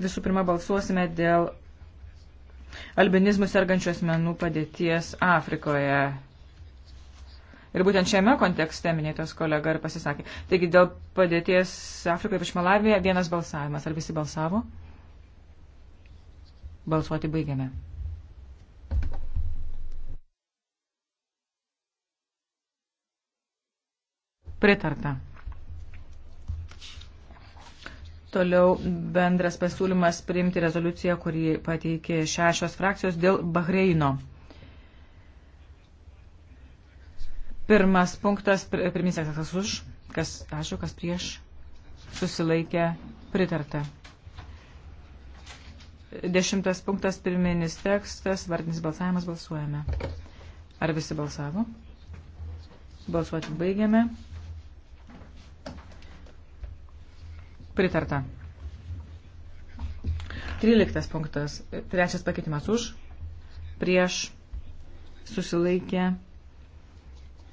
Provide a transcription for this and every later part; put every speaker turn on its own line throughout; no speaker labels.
Visų pirma, balsuosime dėl albinizmų sergančių asmenų padėties Afrikoje. Ir būtent šiame kontekste minėtos kolega ir pasisakė. Taigi dėl padėties Afrikoje prieš Malaviją vienas balsavimas. Ar visi balsavo? Balsuoti baigiame. Pritarta. Toliau bendras pasiūlymas priimti rezoliuciją, kurį pateikė šešios frakcijos dėl Bahreino. Pirmas punktas, pirminis tekstas, kas už, kas ačiū, kas prieš, susilaikė, pritarta. Dešimtas punktas, pirminis tekstas, vardinis balsavimas, balsuojame. Ar visi balsavo? Balsuoti baigiame. Pritarta. 13 punktas. Trečias pakeitimas už. Prieš. Susilaikė.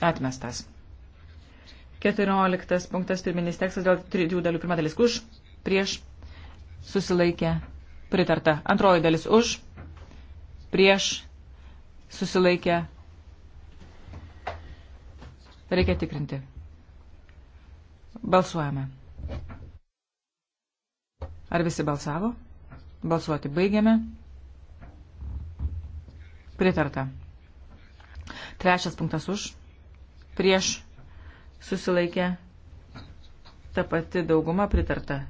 Atmestas. 14 punktas. Pirminis tekstas dėl trijų dalių. Pirma dalis už. Prieš. Susilaikė. Pritarta. Antroji dalis už. Prieš. Susilaikė. Reikia tikrinti. Balsuojame. Ar visi balsavo? Balsuoti baigiame. Pritarta. Trečias punktas už. Prieš susilaikė ta pati dauguma pritarta.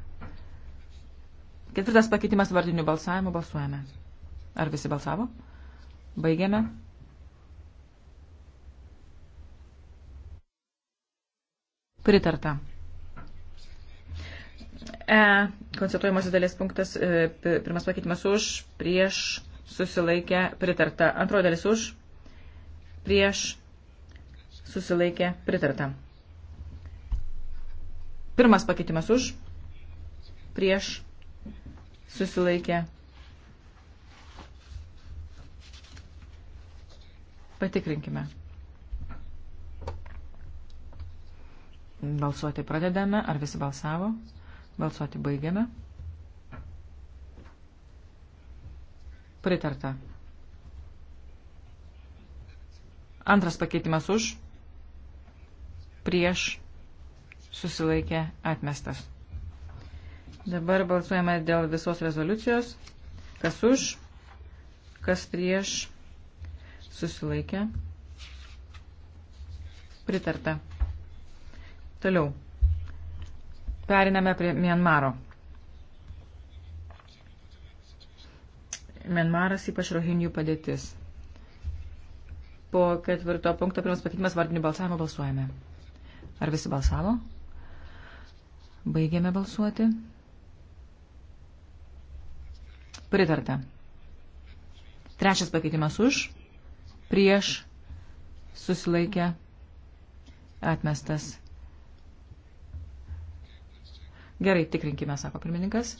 Ketvirtas pakeitimas vardinių balsavimų balsuojame. Ar visi balsavo? Baigiame. Pritarta. E, konstatuojamosios dalies punktas, e, pirmas pakeitimas už, prieš, susilaikė, pritarta. Antroji dalis už, prieš, susilaikė, pritarta. Pirmas pakeitimas už, prieš, susilaikė. Patikrinkime. Balsuoti pradedame. Ar visi balsavo? Balsuoti baigiame. Pritarta. Antras pakeitimas už, prieš, susilaikė, atmestas. Dabar balsuojame dėl visos rezoliucijos. Kas už, kas prieš, susilaikė, pritarta. Toliau. Periname prie Mienmaro. Mienmaras ypač rohinių padėtis. Po ketvirto punkto pirmas pakeitimas vardinių balsavimo balsuojame. Ar visi balsavo? Baigėme balsuoti. Pritarta. Trečias pakeitimas už, prieš, susilaikė, atmestas. Gerai, tikrinkime, sako pirmininkas.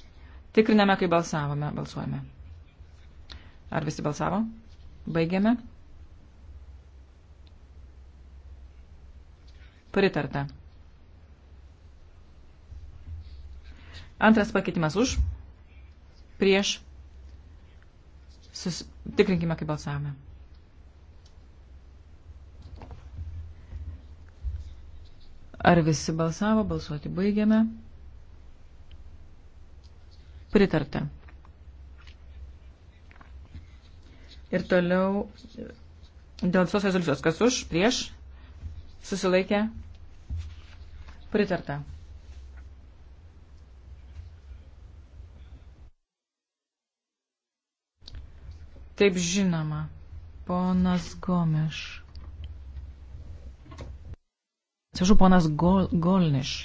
Tikriname, kai balsavome, balsuojame. Ar visi balsavo? Baigiame. Pritarta. Antras pakeitimas už, prieš. Sus... Tikrinkime, kaip balsavome. Ar visi balsavo, balsuoti baigiame. Pritarta. Ir toliau dėl visos rezoliucijos. Kas už, prieš, susilaikė, pritarta. Taip žinoma, ponas Gomeš.
Atsiprašau, ponas Gol Golniš.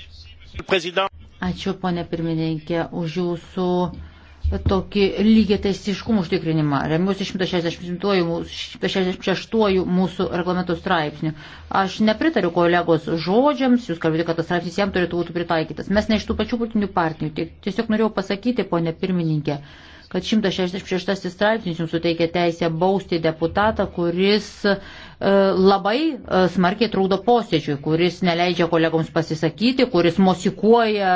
Prezident. Ačiū, ponė pirmininkė, už jūsų tokį lygiai teisiškumų užtikrinimą. Remiuosi 166 mūsų reglamentų straipsnių. Aš nepritariu kolegos žodžiams, jūs kalbėjote, kad tas straipsnis jam turėtų būti pritaikytas. Mes ne iš tų pačių politinių partijų. Tiesiog norėjau pasakyti, ponė pirmininkė, kad 166 straipsnis jums suteikia teisę bausti deputatą, kuris e, labai e, smarkiai trūkdo posėdžiui, kuris neleidžia kolegoms pasisakyti, kuris mosikuoja,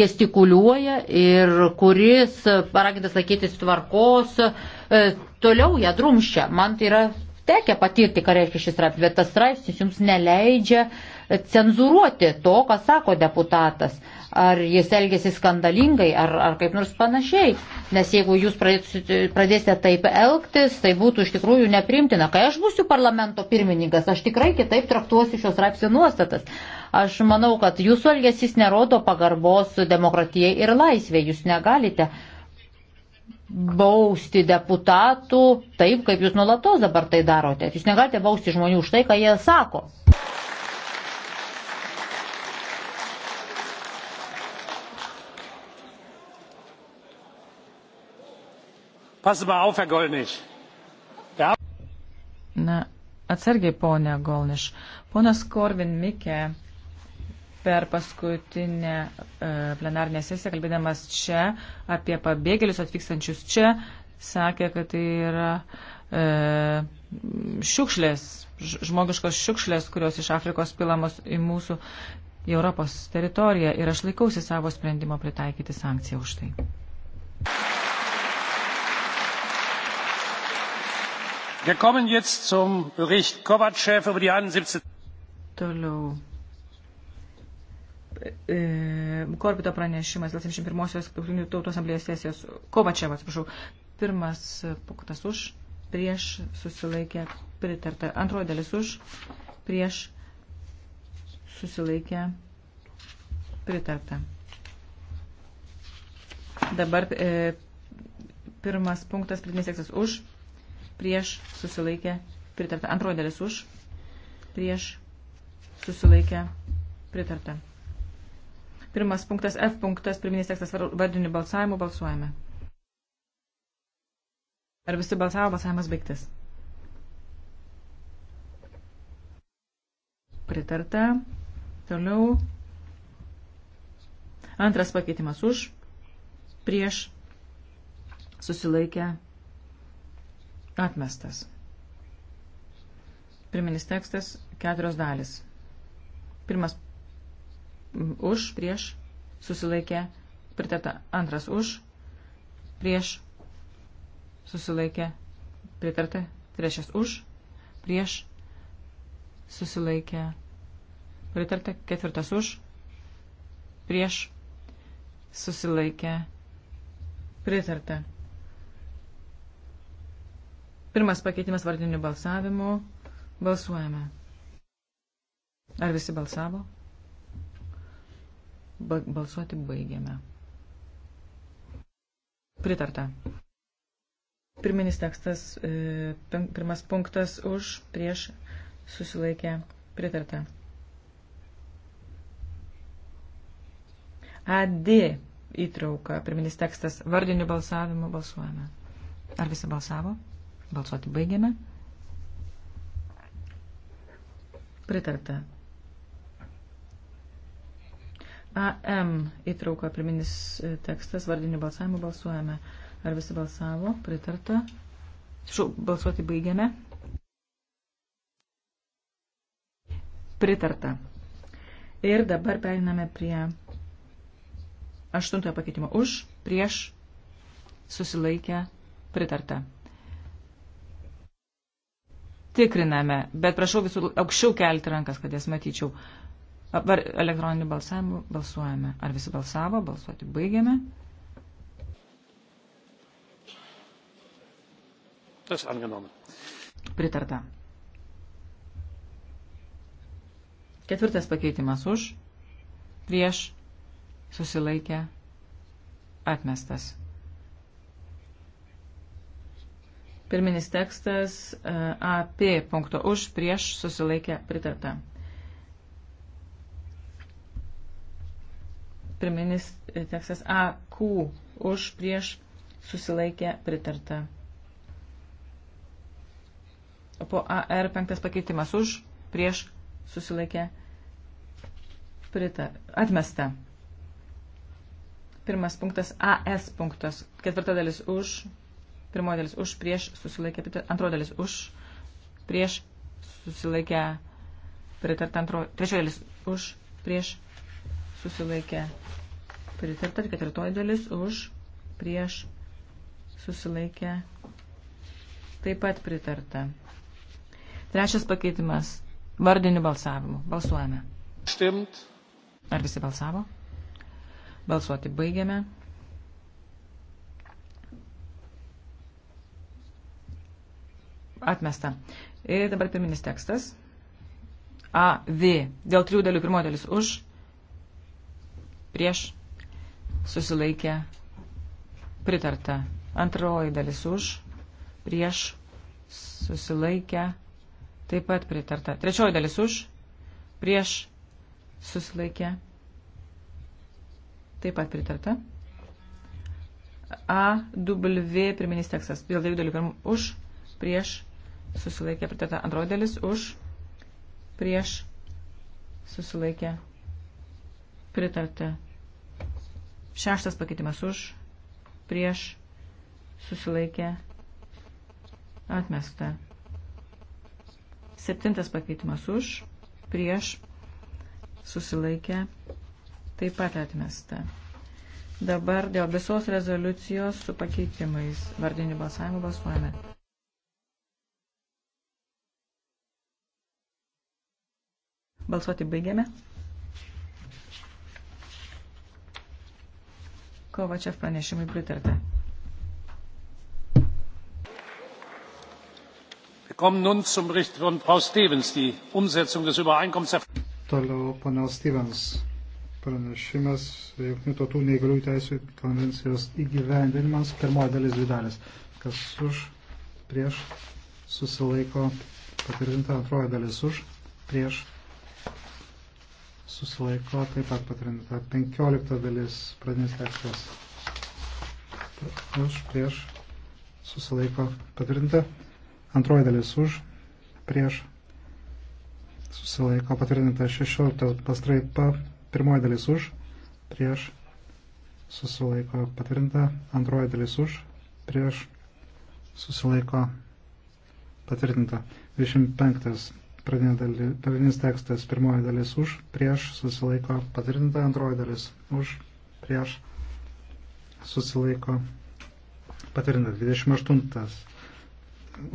gestikuliuoja ir kuris paragintas laikytis tvarkos, e, toliau ją drumščia. Man tai yra tekę patirti, ką reiškia šis straipsnis, bet tas straipsnis jums neleidžia cenzuruoti to, ką sako deputatas ar jis elgėsi skandalingai, ar, ar kaip nors panašiai. Nes jeigu jūs pradėsite taip elgtis, tai būtų iš tikrųjų neprimtina. Kai aš būsiu parlamento pirmininkas, aš tikrai kitaip traktuosiu šios raipsio nuostatas. Aš manau, kad jūsų elgesys nerodo pagarbos demokratijai ir laisvė. Jūs negalite bausti deputatų taip, kaip jūs nulatos dabar tai darote. Jūs negalite bausti žmonių už tai, ką jie sako.
Na, atsargiai, ponė Golniš. Ponas Korvin Mikė per paskutinę e, plenarnę sesiją, kalbėdamas čia apie pabėgėlius atvykstančius čia, sakė, kad tai yra e, šiukšlės, žmogiškos šiukšlės, kurios iš Afrikos pilamos į mūsų į Europos teritoriją ir aš laikausi savo sprendimo pritaikyti sankciją už tai.
Wir kommen jetzt zum Bericht Kovacev über die 71.
Toliau. E, Korpito pranešimas 21-osios Junktinių tautų asamblėjos sesijos. Kovačev, atsiprašau. Pirmas punktas už, prieš susilaikė pritarta. Antroji dalis už, prieš susilaikė pritarta. Dabar e, pirmas punktas, pradinis seksas už, prieš susilaikę pritarta. Antroji dalis už, prieš susilaikę pritarta. Pirmas punktas F punktas, pirminis tekstas vardiniu balsavimu, balsuojame. Ar visi balsavo, balsavimas baigtas. Pritarta. Toliau. Antras pakeitimas už, prieš susilaikę pritarta Atmestas. Pirminis tekstas keturios dalis. Pirmas už, prieš, susilaikė, pritarta. Antras už, prieš, susilaikė, pritarta. Trečias už, prieš, susilaikė, pritarta. Ketvirtas už, prieš, susilaikė, pritarta. Pirmas pakeitimas vardiniu balsavimu. Balsuojame. Ar visi balsavo? Ba balsuoti baigiame. Pritarta. Pirminis tekstas, e, pirmas punktas už, prieš, susilaikė, pritarta. AD įtrauka, pirminis tekstas, vardiniu balsavimu balsuojame. Ar visi balsavo? Balsuoti baigiame. Pritarta. AM įtrauka pirminis e, tekstas, vardinių balsavimų balsuojame. Ar visi balsavo? Pritarta. Šau, balsuoti baigiame. Pritarta. Ir dabar periname prie aštuntojo pakeitimo. Už, prieš, susilaikę, pritarta tikriname, bet prašau visų aukščiau kelti rankas, kad jas matyčiau. Ar elektroniniu balsavimu balsuojame? Ar visi balsavo? Balsuoti baigiame. Tas angenomė. Pritarta. Ketvirtas pakeitimas už, prieš, susilaikę, atmestas. Pirminis tekstas e, AP punkto už prieš susilaikę pritarta. Pirminis e, tekstas AQ už prieš susilaikę pritarta. Po AR penktas pakeitimas už prieš susilaikę pritar, atmesta. Pirmas punktas AS punktas. Ketvirta dalis už Pirmoji dalis už, prieš susilaikė pritarta. Antroji dalis už, prieš susilaikė pritarta. Antro... Trečioji dalis už, prieš susilaikė pritarta. Tai ketvirtoji dalis už, prieš susilaikė taip pat pritarta. Trečias pakeitimas – vardinių balsavimų. Balsuojame. Stimt. Ar visi balsavo? Balsuoti baigiame. Atmesta. Ir dabar pirminis tekstas. A, V. Dėl trijų dalių pirmoji dalis už, prieš, susilaikė, pritarta. Antroji dalis už, prieš, susilaikė, taip pat pritarta. Trečioji dalis už, prieš, susilaikė, taip pat pritarta. A, W, pirminis tekstas. Dėl dviejų dalių pirmų už, prieš, susilaikė pritata. Antroji dalis už, prieš, susilaikė pritarta. Šeštas pakeitimas už, prieš, susilaikė atmesta. Septintas pakeitimas už, prieš, susilaikė taip pat atmesta. Dabar dėl visos rezoliucijos su pakeitimais vardinių balsavimų balsuojame. Balsuoti baigiame. Kovačev pranešimui pritarta.
Toliau ponios Stevens pranešimas Junktinių tautų neįgaliųjų teisų konvencijos įgyvendinimas, pirmoji dalis dvi dalis. Kas už, prieš, susilaiko, patvirtinta antroji dalis už, prieš, susilaiko, taip pat patrinta 15 dalis pradinis tekstas. Už, prieš, susilaiko, patrinta. Antroji dalis už, prieš, susilaiko, patrinta 16 pastraipa, pirmoji dalis už, prieš, susilaiko, patrinta. Antroji dalis už, prieš, susilaiko, patrinta. 25 Pradinis tekstas, pirmoji dalis už, prieš, susilaiko, patvirtinta antroji dalis už, prieš, susilaiko, patvirtinta 28.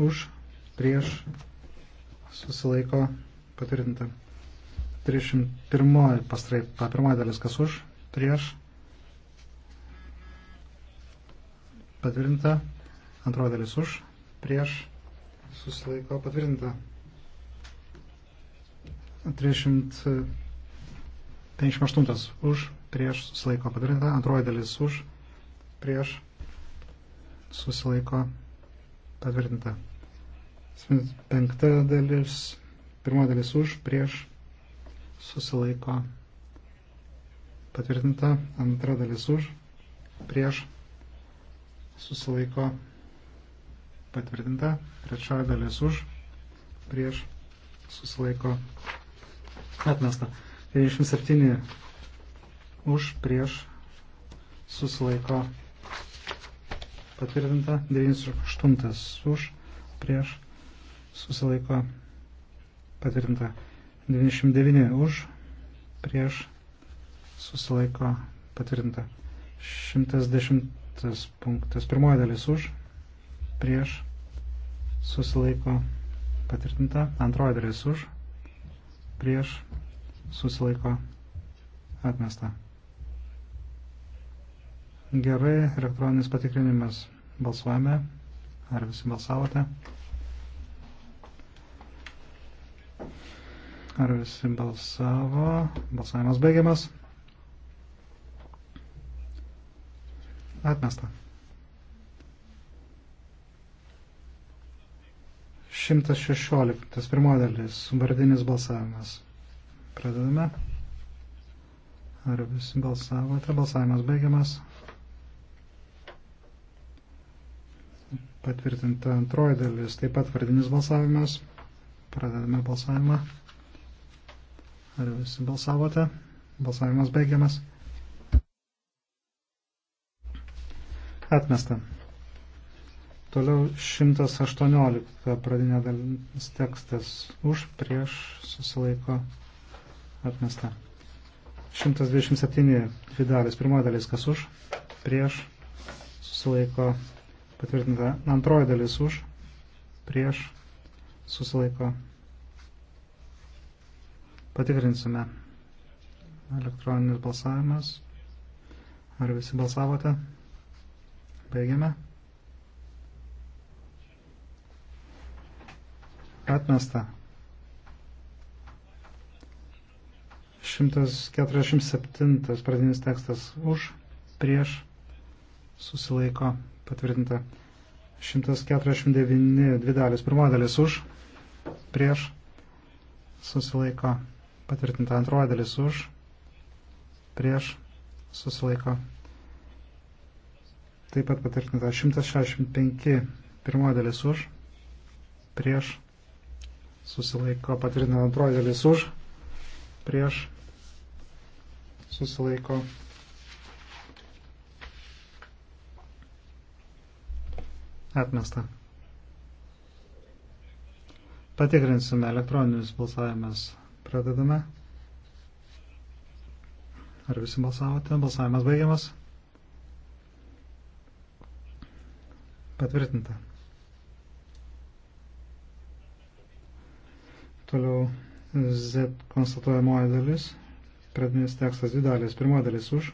Už, prieš, susilaiko, patvirtinta 31 pastraipa, pirmoji dalis kas už, prieš, patvirtinta, antroji dalis už, prieš, susilaiko, patvirtinta 358 už, prieš susilaiko padaryta, antroji dalis už, prieš susilaiko patvirtinta. Penkta dalis, pirmo dalis už, prieš susilaiko patvirtinta, antra dalis už, prieš susilaiko patvirtinta, trečioji dalis už, prieš susilaiko patvirtinta Atmesta. 97 už, prieš, susilaiko. Patvirtinta. 98 už, prieš, susilaiko. Patvirtinta. 99 už, prieš, susilaiko. Patvirtinta. 110 punktas. Pirmoji dalis už, prieš, susilaiko. Patvirtinta. Antroji dalis už, prieš susilaiko atmesta. Gerai, elektroninis patikrinimas. Balsuojame. Ar visi balsavote? Ar visi balsavo? Balsavimas baigiamas. Atmesta. 116. Pirmoji dalis. Vardinis balsavimas. Pradedame. Ar visi balsavote? Balsavimas baigiamas. Patvirtinta antroji dalis. Taip pat vardinis balsavimas. Pradedame balsavimą. Ar visi balsavote? Balsavimas baigiamas. Atmesta. Toliau 118 pradinė dalis tekstas už, prieš, susilaiko, atmesta. 127 dvi dalis, pirmoji dalis kas už, prieš, susilaiko, patvirtinta. Antroji dalis už, prieš, susilaiko. Patikrinsime. Elektroninis balsavimas. Ar visi balsavote? Baigiame. Atmesta. 147 pradinis tekstas už, prieš, susilaiko, patvirtinta. 149 dvi dalis, pirmoji dalis už, prieš, susilaiko, patvirtinta. Antroji dalis už, prieš, susilaiko. Taip pat patvirtinta 165 pirmoji dalis už, prieš, susilaiko patvirtina antroji dalis už, prieš, susilaiko. Atmesta. Patikrinsime elektroninius balsavimus. Pradedame. Ar visi balsavote? Balsavimas baigiamas. Patvirtinta. Toliau Z konstatuojamoji dalis. Pradinis tekstas dvi dalis. Pirmoji dalis už.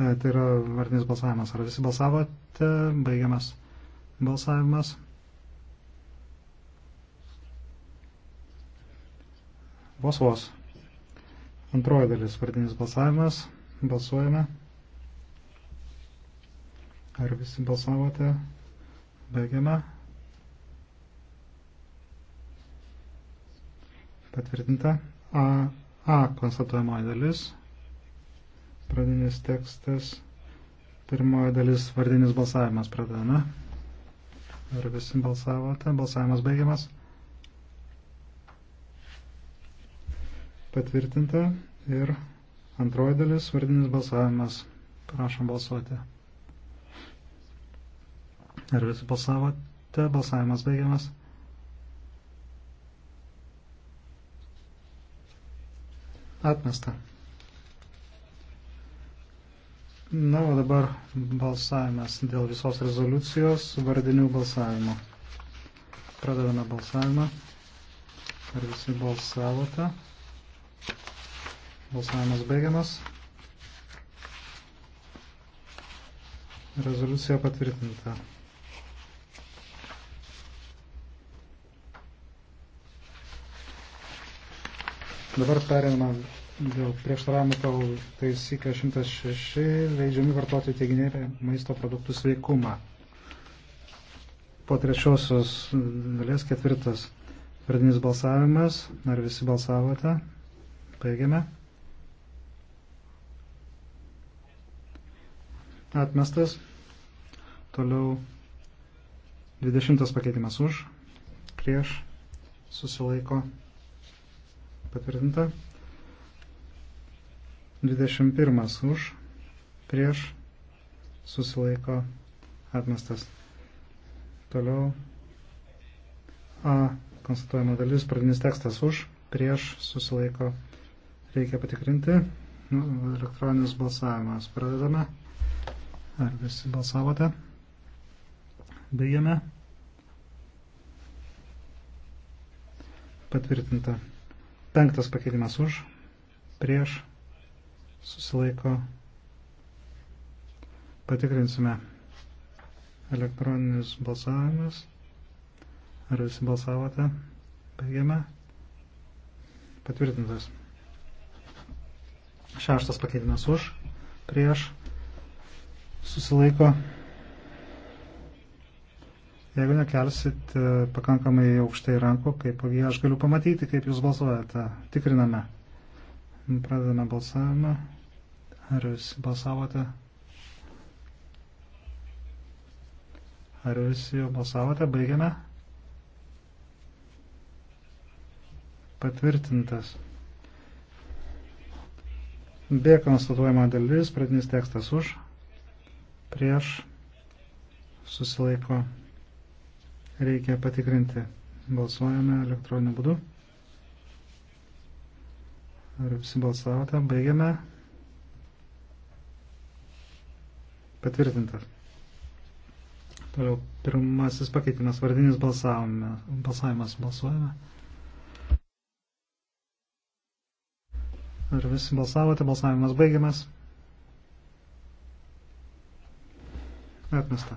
E, tai yra vardinis balsavimas. Ar visi balsavote? Baigiamas balsavimas. Vos vos. Antroji dalis vardinis balsavimas. Balsuojame. Ar visi balsavote? Baigiame. Patvirtinta. A, A konstatuojamoji dalis. Pradinis tekstas. Pirmoji dalis vardinis balsavimas pradedame. Ar visi balsavote? Balsavimas baigiamas. Patvirtinta. Ir antroji dalis vardinis balsavimas. Prašom balsuoti. Ar visi balsavote? Balsavimas baigiamas. Atmesta. Na, o dabar balsavimas dėl visos rezoliucijos vardinių balsavimo. Pradedame balsavimą. Ar visi balsavote? Balsavimas baigiamas. Rezoliucija patvirtinta. Dabar periname dėl prieštaravimų pagal taisyklę 106, leidžiami vartoti teiginiai apie maisto produktų sveikumą. Po trečiosios dalies ketvirtas pradinis balsavimas. Ar visi balsavote? Baigiame. Atmestas. Toliau 20 pakeitimas už. Prieš. Susilaiko. Patvirtinta. 21 už, prieš, susilaiko, atmestas. Toliau. A. Konstatuojama dalis, pradinis tekstas už, prieš, susilaiko. Reikia patikrinti. Nu, elektroninis balsavimas. Pradedame. Ar visi balsavote? Baigiame. Patvirtinta. Penktas pakeitimas už, prieš, susilaiko. Patikrinsime elektroninis balsavimas. Ar visi balsavote? Baigiame. Patvirtintas. Šeštas pakeitimas už, prieš, susilaiko. Jeigu nekelsit e, pakankamai aukštai rankų, kaip aš galiu pamatyti, kaip jūs balsuojate, tikriname. Pradedame balsavimą. Ar jūs balsavote? Ar visi jau balsavote? Baigiame. Patvirtintas. B konstatuojama dalis, pradinis tekstas už, prieš, susilaiko reikia patikrinti. Balsuojame elektroniniu būdu. Ar visi balsavote? Baigiame. Patvirtintas. Toliau pirmasis pakeitimas, vardinis balsavimas. Balsavimas balsuojame. Ar visi balsavote? Balsavimas baigiamas. Atmesta.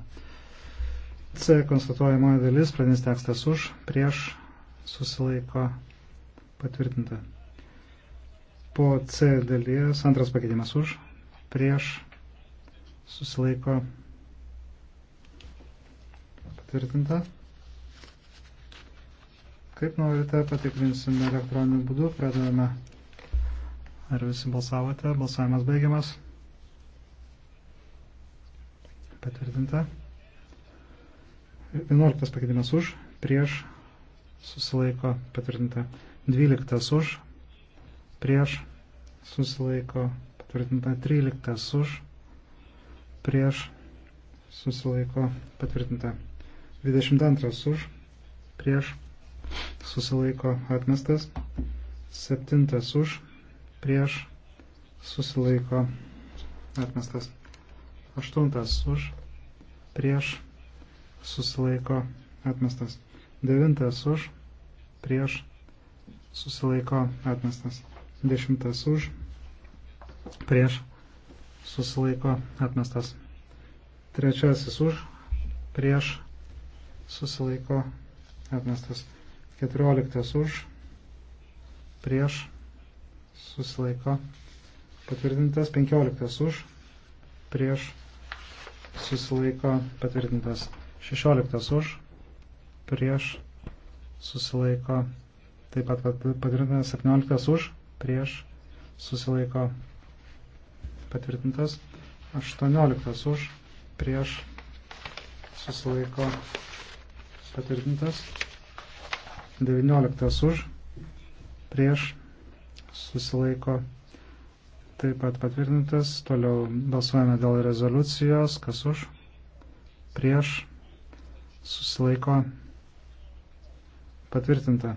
C konstatuojamoji dalis, pradinis tekstas už, prieš susilaiko patvirtinta. Po C dalies antras pakeitimas už, prieš susilaiko patvirtinta. Kaip norite, patikrinsime elektroniniu būdu, pradedame. Ar visi balsavote? Balsavimas baigiamas. Patvirtinta. 11 pakeitimas už, prieš, susilaiko patvirtinta. 12 už, prieš, susilaiko patvirtinta. 13 už, prieš, susilaiko patvirtinta. 22 už, prieš, susilaiko atmestas. 7 už, prieš, susilaiko atmestas. 8 už, prieš, susilaiko atmestas susilaiko atmestas. Devintas už, prieš susilaiko atmestas. Dešimtas už, prieš susilaiko atmestas. Trečiasis už, prieš susilaiko atmestas. Keturioliktas už, prieš susilaiko patvirtintas. Penkioliktas už, prieš susilaiko patvirtintas. 16 už, prieš, susilaiko, taip pat patvirtintas 17 už, prieš, susilaiko, patvirtintas 18 už, prieš, susilaiko, patvirtintas 19 už, prieš, susilaiko, taip pat patvirtintas, toliau balsuojame dėl rezoliucijos, kas už, prieš, susilaiko patvirtinta.